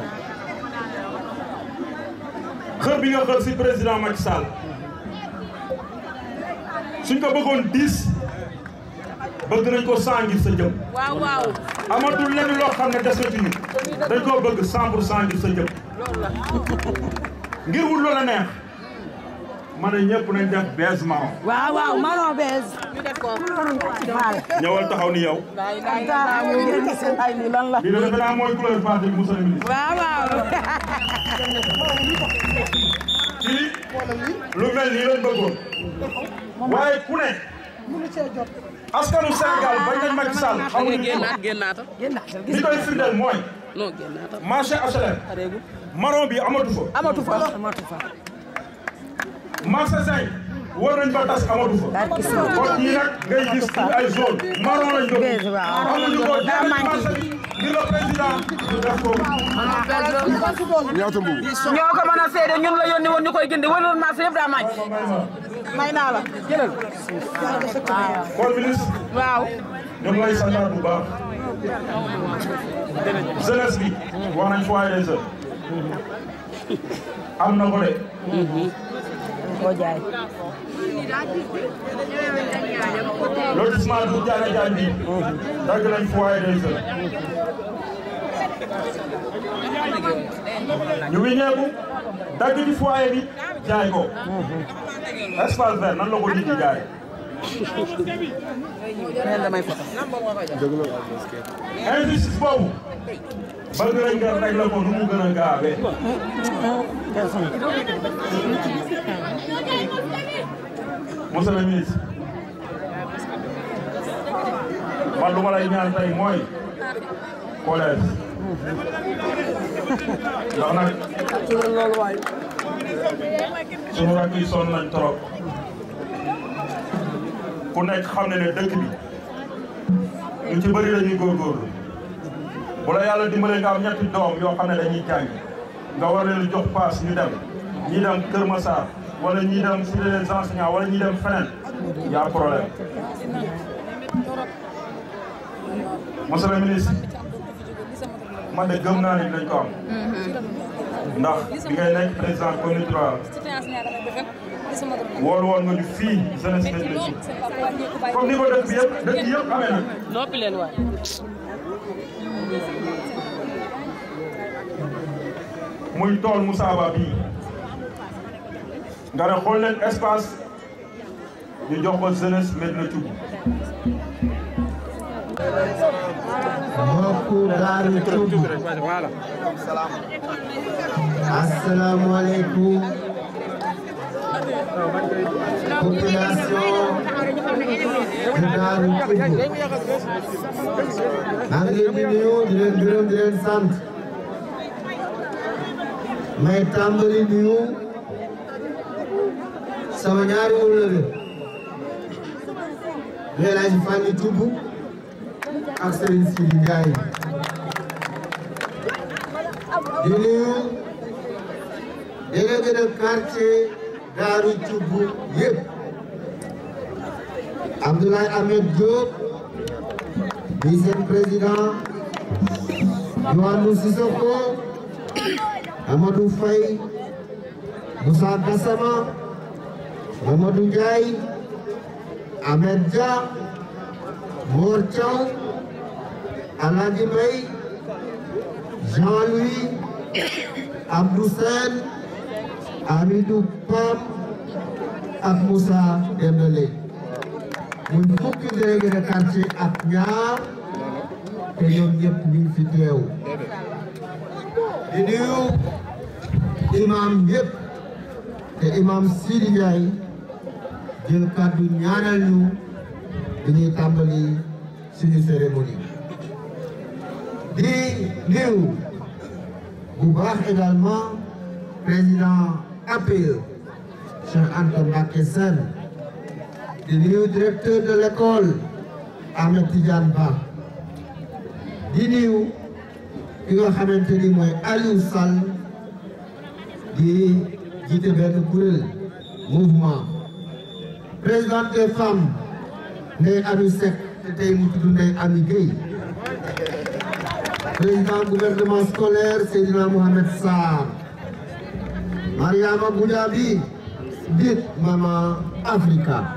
xër bi nga xër si président Macky Sall suñ ko bëggoon dix bëgg nañ ko cent ngir sa jëm. waaw waaw amatul lenn loo xam ne des na ci ñun dañ koo bëgg cent pour cent ngir sa jëm ngir wut loola neex ma ne ñëpp nañ def bees marron. waaw waaw marron bees. ñëwal taxaw ni yow. li doon defe naa mooy couleur parti bi monsieur le ministre. waaw waaw. ci lu mel nii lañ bëggoon. waaye ku ne. mënu cee jot. askanu Sénégal bañ nañ Macky Sall génnaat génnaatal. li koy firndeel mooy. non génnaatal marché HLM. bi amatu fa. amatu fa amatu fa. wóor nañ ba tas amatu fa. kon ñii nag ngay gis ci ay zone maroon lañ doon. amuñu ko jaaree marché bi ngir le président def ko. ñaata mbubu. ñoo a seede ñun la yónni woon ñu koy gindi wala marché yëpp daa màcc. may a la jëlal. kon bu baax. jeunesse bi. wax nañ foyer des jeunes. am na ko de. Bodiai. lotissement bu Diané Diagne bi. dagg é. foyer é jeunes. ñu wiñeeku dagg ci foyer bi jaay ko. espace não nan la ko É ñi jaay. injustice boobu. bëgg nañ nga faj la ko nu mu gën a gaawee. ministre man lu ma lay ñaan tey mooy collège ndax nag sunu rakk yi sonn nañ trop ku xam ne ne dëkk bi ñu ci bëri la ñuy góorgóorlu bu yàlla dimbalee nga am ñetti doom yoo xam ne dañuy jàng nga war leen jox paas ñu dem ñii dem Kër Massar wala ñii dem Cité des enseignants wala ñii dem feneen y'a problème. monsieur a ministre man de gëm naa ne dinañ ndax bi ngay nekk président comité rural. woon woon nga ñu fii jeunesse comme ni ko def bi yëpp dëkk yëpp amee nag. noppi leen muy tool Moussa Ba bii nga ne xool leen espace ñu jox ko jeunesse Médina Thioub mbokku daaru Thioub asalaamaaleykum population Ndar maa ngi leen di nuyu di leen gërëm di leen sant may tàmbali nuyu sama ñaari wóllëre di El Hadj Fane Thioub ak Serigne Sidi Ndiaye di nuyu délégué de quartier Daaru Thioub yëpp. Abdoulaye Ahmed Diop vice-président Nouadhou Sissoko Amadou Faye Moussa Gassama Mamadou Ndiaye Ahmed Dia Mor Thiaw Aladji Mbaye Jean-Louis Abdou Sène Amidou Pam ak Moussa Dembélé muy fukki délégué de quartier ak ñaar te ñoom ñëpp ñu ngi fi teew di nuyu imam yëpp te imam Sidi Ndiaye jël kàddu ñaanal ñu bi ñuy tàmbali suñu cérémonie di nuyu bu baax également président APE Cheikh Anta Mbacké du nuyu directeur de l'école Ahmed Tidiane Ba di nuyu ki nga xamante ni mooy Aliou Sall di jiite benn kuréel mouvement présidente des femmes Ndeye Amy te tey mu tudd Ndeye Amy Gueye président gouvernement scolaire Seydina Mohamed Sarr Mariama Goudiaby dit Maman Africa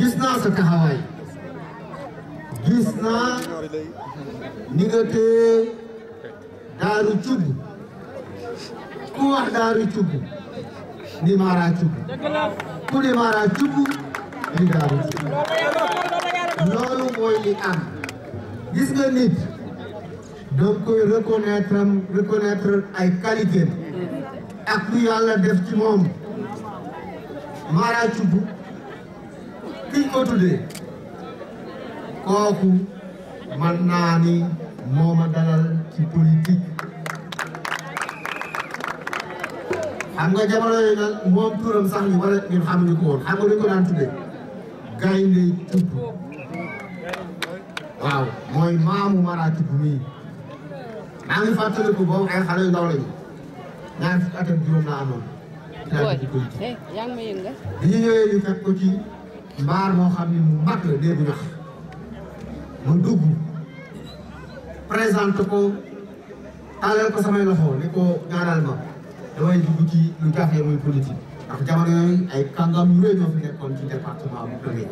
gis naa sa taxawaay gis naa ni nga téye daaru cubb ku wax daaru cubb ni maara cubb ku ni maara cubb ni daaru cubb loolu mooy li am gis nga nit donc koy reconnaître am ay qualité ak lu yàlla def ci moom maara cubb kiñ ko tuddee kooku man naa ni moo ma dalal ci politique xam nga jamono yooyu nag moom turam sax ñu war a ñun xamuñu ko woon nga dañ ko daan gaynde tudd waaw mooy maamu mara tudd mii maa ngi fàttaliku boobu ay xale yu ndaw lañu ñaar fukki at ak juróom ci politique eh, bi ñu ñëwee fekk ko ci mbaar moo xam ne mu mag la néegu ñax mu dugg présente ko tàllal ko samay loxo ni ko ñaanal ma damay dugg ci lu jafe muy politique ndax jamono ay kàngam yu fi nekkoon ci département bu Kébé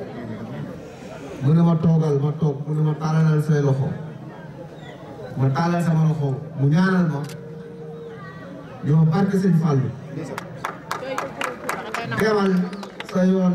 mu ne ma toogal ma toog mu ne ma tàllalal say loxo mu tàllal sama loxo mu ñaanal ma ñoo barke sëñ Fallou demal sa yoon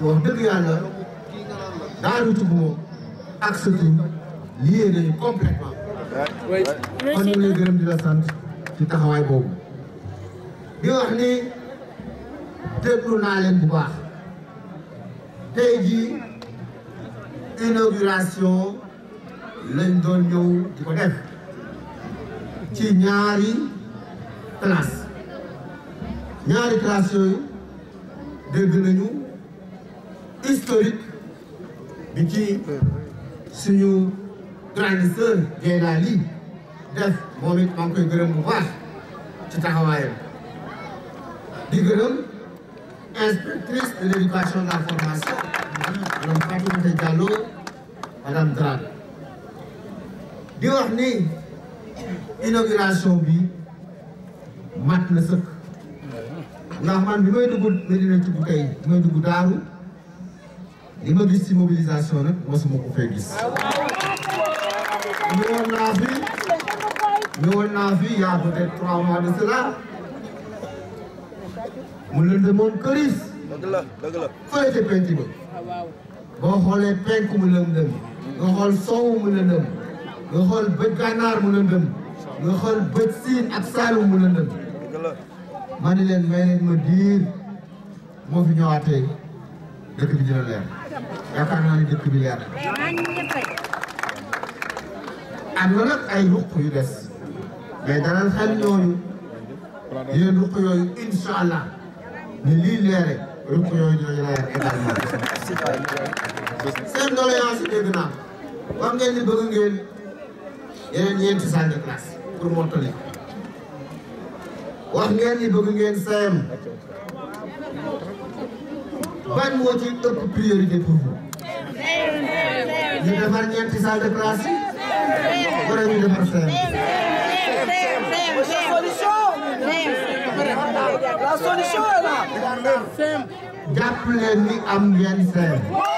wax dëgg yàlla daaru Touba ak surtout lié nañu complètement kon ñu lay gërëm di la sant ci taxawaay boobu di wax ni déglu naa leen bu baax tey jii inauguration lañ doon ñëw di ko def ci ñaari classe ñaari classe yooyu nañu historique bi ci suñu grande sœur Dieyna def moom it maa koy gërëm bu ci taxawaayam di gërëm inspectrice de l'éducation de la formation madame Fatoumata Diallo madame Dral di wax ni inauguration bi mat na sëkk ndax man bi may dugg Medina Thioub tey bi may dugg Daaru li ma gis ci mobilisation nag mosuma ko fee gis ñëwoon naa fi ñëwoon naa fi y'a peut trois mois mu lëndëmoon këris dëgg la dëgg ba boo xoolee penk mu lëndëm nga xool sow mu lëndëm xool bëj gànnaar mu lëndëm nga xool bëj siin ak saalum mu lëndëm ma ni leen may leen ma diir moo fi ñëwaatee dëkk bi dina leer yaakaar naa ne dëkk bi leer am na nag ruq yu des mais dalal xel ñooñu yeneen ruq yooyu incha allah ni lii leere ruq yooyu ñooñu leer également seen doléance yi dégg naa wax ngeen ni bëgg ngeen yeneen ñeenti salle de classe pour montali wax ngeen ni bëgg ngeen seem ban moo ci ëpp priorité pour vous. ñu defar de classe yi. wala ñu defar seen. la solution est là. jàpp leen ni am ngeen seen.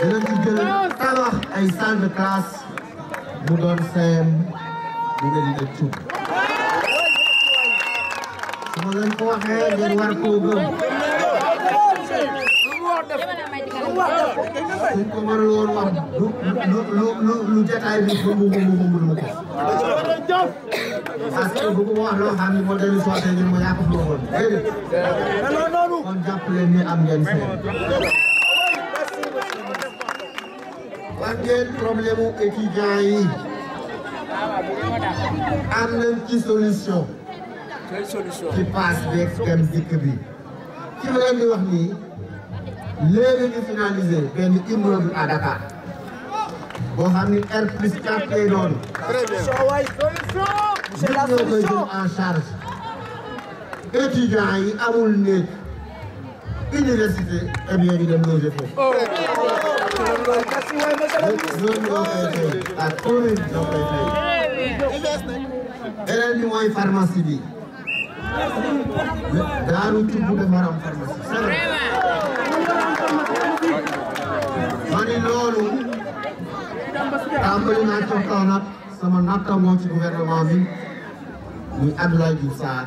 dinañ ci jël tabax ay salle de classe doon seen bu Medina Thioub. su ma leen ko waxee ngeen war koo gëm. suñ ko woon wax lu lu lu lu jotaay bi ba mu ba mu ba mu wax loo xam ne moo dellu soixante ngeen ma yaa ko fi waxoon déedéet. kon jàpp leen ni am ngeen seen. wax ngeen problème mu am nañ ci solution. ci paas beeg dem dikk bi. ci ma leen di wax nii léegi ñu finaliser benn immeuble à Dakar boo xam ni R plus 4 lay doon. très bien ñun ñoo koy jël en charge yi amul néeg. Üniversite Emniyeti'ne müdürlüğü. Eren Yuvan Farmasi bi. Daaru Tubu de Maram Farmasi. Mani loolu tàmbali naa cokkaw nag sama nattangoo ci gouvernement bi muy Abdoulaye Diouf Sarr.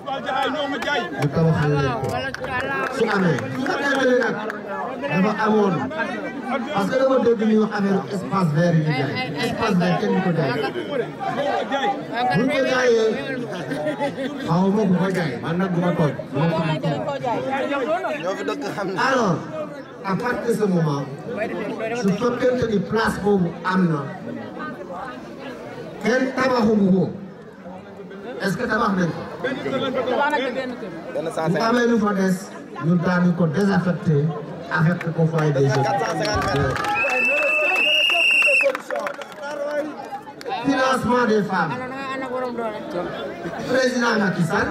ñu su amee su ko defee nag dafa amoon parce que dama dégg ñuy wax affaire espace vert yi jaay espace vert kenn du ko jaay ma su fekkente ni place boobu am na kenn tabaxu bu ko est-ce que tabax Nous sommes lu fa désaffectés avec des jeunes. financement des femmes président Makissan,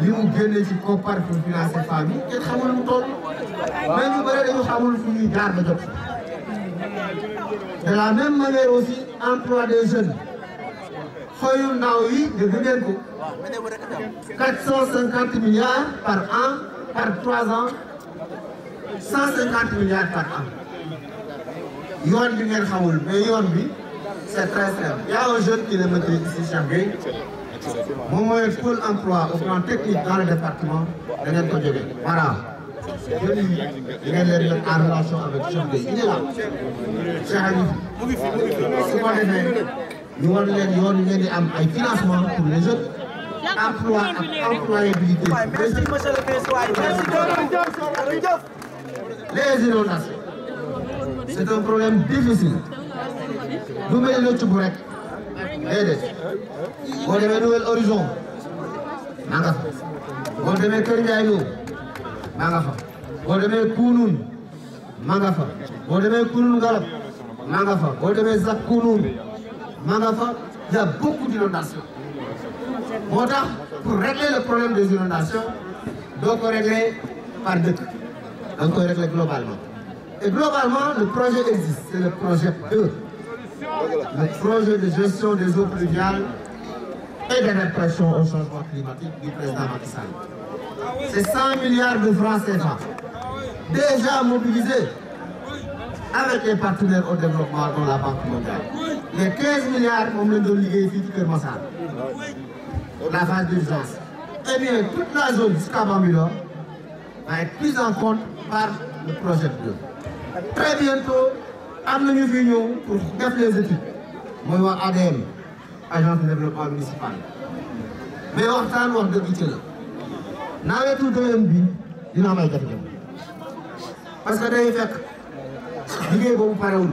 il li mu pour financer les familles. de la même manière aussi emploi des jeunes xëyu de yi nga ko 450 milliards par an par 3 ans 150 milliards par an yoon bi ngeen xamul mais yoon bi c'est très simple. Il y a un jeune qui le maîtrise ici Chambre Mon mooy pôle emploi au plan technique dans le département de ngeen ko voilà jeunes yi da ngeen leen en relation avec Chambre il est là. C'est les ñu war leen yoon ngeen di am ay financement pour les jeunes emploi ak employabilité. merci monsieur le ministre. les inondations. c'est un problème difficile. du mel ne cubb rek. déedéet. boo demee maa nga fa. boo demee Kër Ndiaye Lo. maa nga fa. boo demee Kounoun. nga fa. maa nga fa. boo demee Zac Maintenant, il y a beaucoup d'inondations pour régler le problème des inondations donc on régler par deux donc on régler globalement et globalement le projet existe c'est le projet 2 le projet de gestion des eaux pluviales et de répression au changement climatique du président Macky c'est 100 milliards de francs CFA déjà mobilisés avec les partenaires au développement dans la Banque mondiale les 15 milliards pour lañ donner ici fii ci la phase d'urgence eh bien toute la zone jusqu'à Bamilo va être prise en compte par le projet de très bientôt à nañu pour faire les études vais voir ADM agence de développement municipal mais on va de quitter là. ci tout de même bi dina am ay de jafe parce que day fekk liggéey de parewul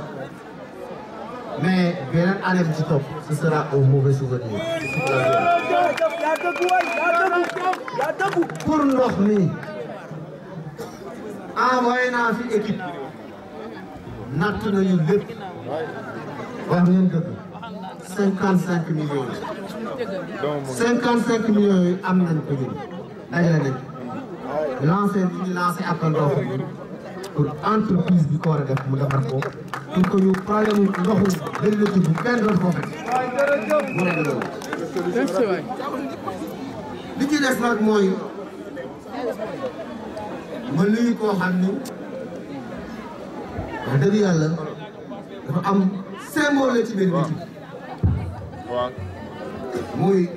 Mais bien a des ce sera un mauvais souvenir. Pour Nohmi, envoyez une équipe. N'attendez 55 millions. 55 millions, amenez-le. Lancez-le, lancez pour entreprise bi ko war a def mu defar ko pour que ñu problème ndoxu délluti bu kenn doon ko fekk mu nekk loolu. li ci des nag mooy ma nuyu koo xam ni wax dëgg yàlla dafa am symbole la ci biir nit muy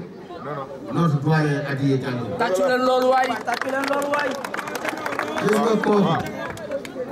notre doyen Adiye Diallo. tàccu leen loolu waay tàccu leen loolu waay. gis nga kooku.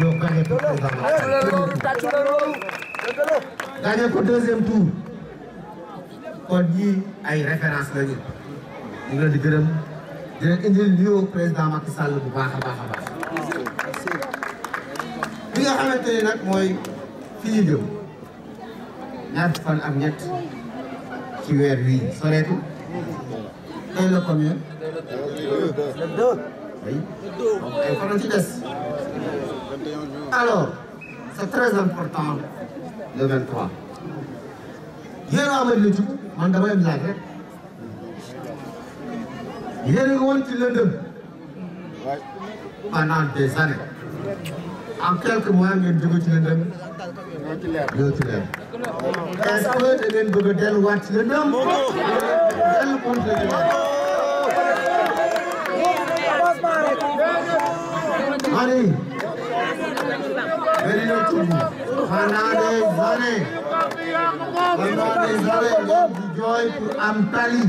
ñoo gagné ko gagné ko deuxième tour kon ñii ay référence la ñu ñu leen di gërëm di leen indil nuyoo président Macky Sall bu baax a baax a baax li nga xamante ne nag mooy fi ñu jëm ñaar fan ak ñett ci weer wii soreetu tey la combien. le deux. oui donc ay fan ci des. alors c'est très important le 23. yéen a amal la man damay am laaj rek yéen a ngi woon ci lëndëm pendant des années en quelques mois ngeen jóge ci lëndëm ñëw ci leer est-ce que da ngeen bëgg a delluwaat ci lëndëm dellu continuer ci leer beri la tudd xanaa day zare xanaa day zare ngeen di jooy pour am tali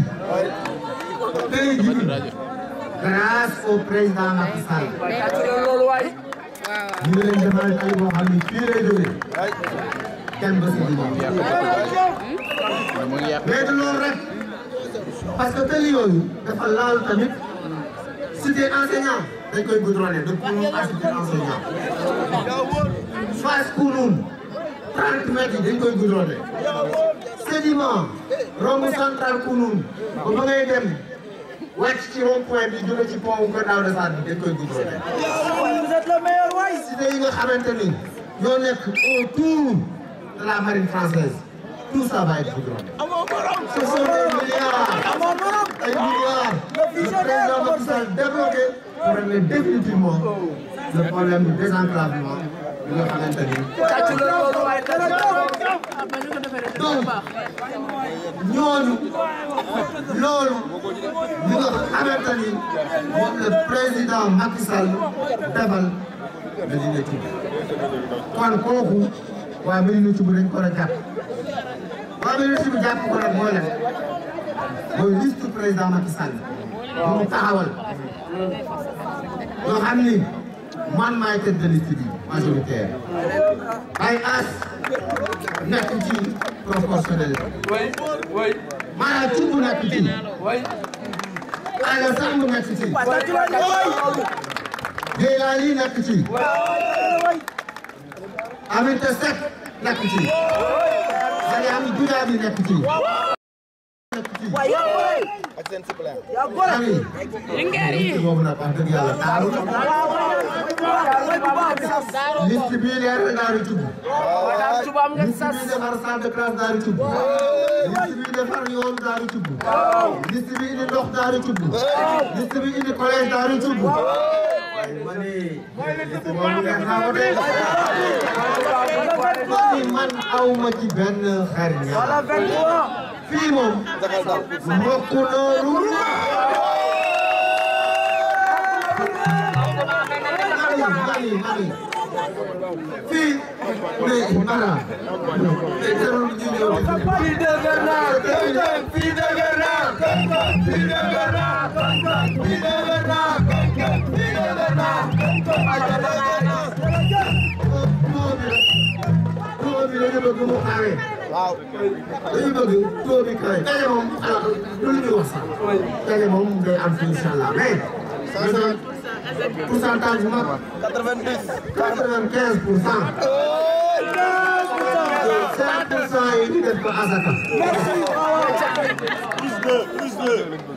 tey jii grâce au président Macky Sall ñu ngi leen defal tali boo xam ne fii lay jógee kenn ba si dina mais du loolu rek parce que tali yooyu dafa laal tamit cité enseignant dañ koy goudronné de pour assister enseignant face Kounoune 30 mètres yi dañ koy goudronné sédiment romb central Kounoune ba ba ngay dem wàcc ci un point le bi jóge ci pont Kër vous Sarr bi dañ koy goudronné. cité yi nga xamante ni ñoo nekk autour de la marine française tout ça va être goudronné. ce sont des milliards des milliards le président Macky Sall débloqué pour régler définitivement le problème du désenclavement. bi nga xamante ni. donc ñooñu loolu ñu nga xamante ni moom la président Macky Sall defal Médina Thioub kon kooku waa Médina Thioub dañ ko war a jàpp waa Médina Thioub jàpp ko nag mooy lan mooy liste président Macky Sall moom taxawal ñoo xam ni man maay tëdd liste bi majoritaire Baye As nekk ci proportionnel maanaam tudd nekk ci Alla Samb nekk ci Délali nekk ci Aminata Seck nekk ci Mariama Goudiaby nekk ci ak seen suppléant. liste boobu nag wax dëgg yàlla daaru. liste bii leer na daaru tudd. liste bii defar salle de classe daaru tudd. liste bii defar yoon daaru tudd. liste bii indi ndox daaru tudd. liste bii indi collège daaru tudd. mooy liste bu baax bi man aw ma ci benn xarit fii moom mbokk nooru mari mari fii ne mara te jarul ñu ñëw fii dëgër naa fii dëgër naa fii dëgër naa fii dëgër naa fii dëgër naa ajala naa moom bi la bëgg mu xawee waaw dañu bëgg taux bi kawe daje moom alaaka loolu ñuy wax sax. daje moom day am fii incha allah mais. pourcentage bi mag. 90 95 pour cent. 5 pour cent yi di def ko asaka. plus de plus de.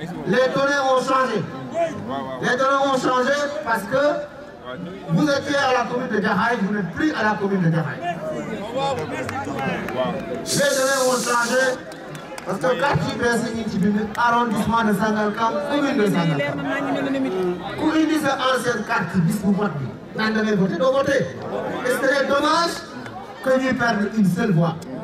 Les données ont changé. Les données ont changé parce que vous étiez à la commune de Gahaï, vous n'êtes plus à la commune de Gahaï. Les données ont changé parce que quartier Bressigny ci arrondissement de Sangalkam commune de Sangalkam ku indi sa ancienne carte bis bu vote bi naan da ngay voté doo voté et c'est dommage que nous perdre une seule voix.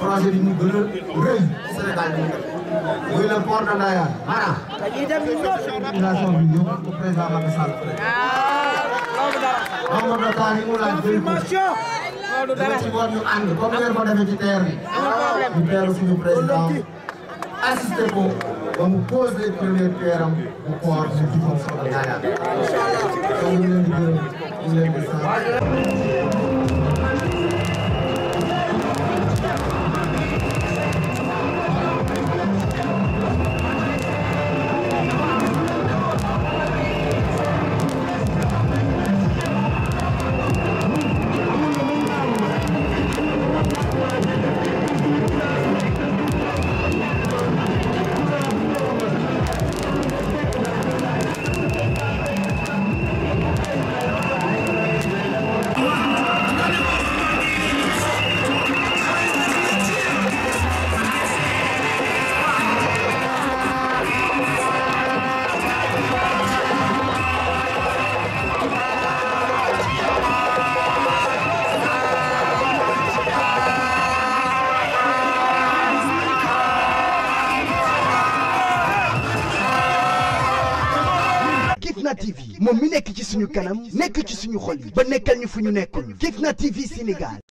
projet bi mu gën a rëy Sénégal le port de Ndayane maanaam. population bi ñëw président Macky Sall. nombre de temps yi mu laaj jël ko. dina ci war ñu ànd comme président assisté ko ba pose les premières pierres am port de Ndayane. donc ñu leen di gërëm ñu leen di suñu kanam nekk ci suñu xol yi ba nekkal ñu fu ñu nekkoon Kifne TV Sénégal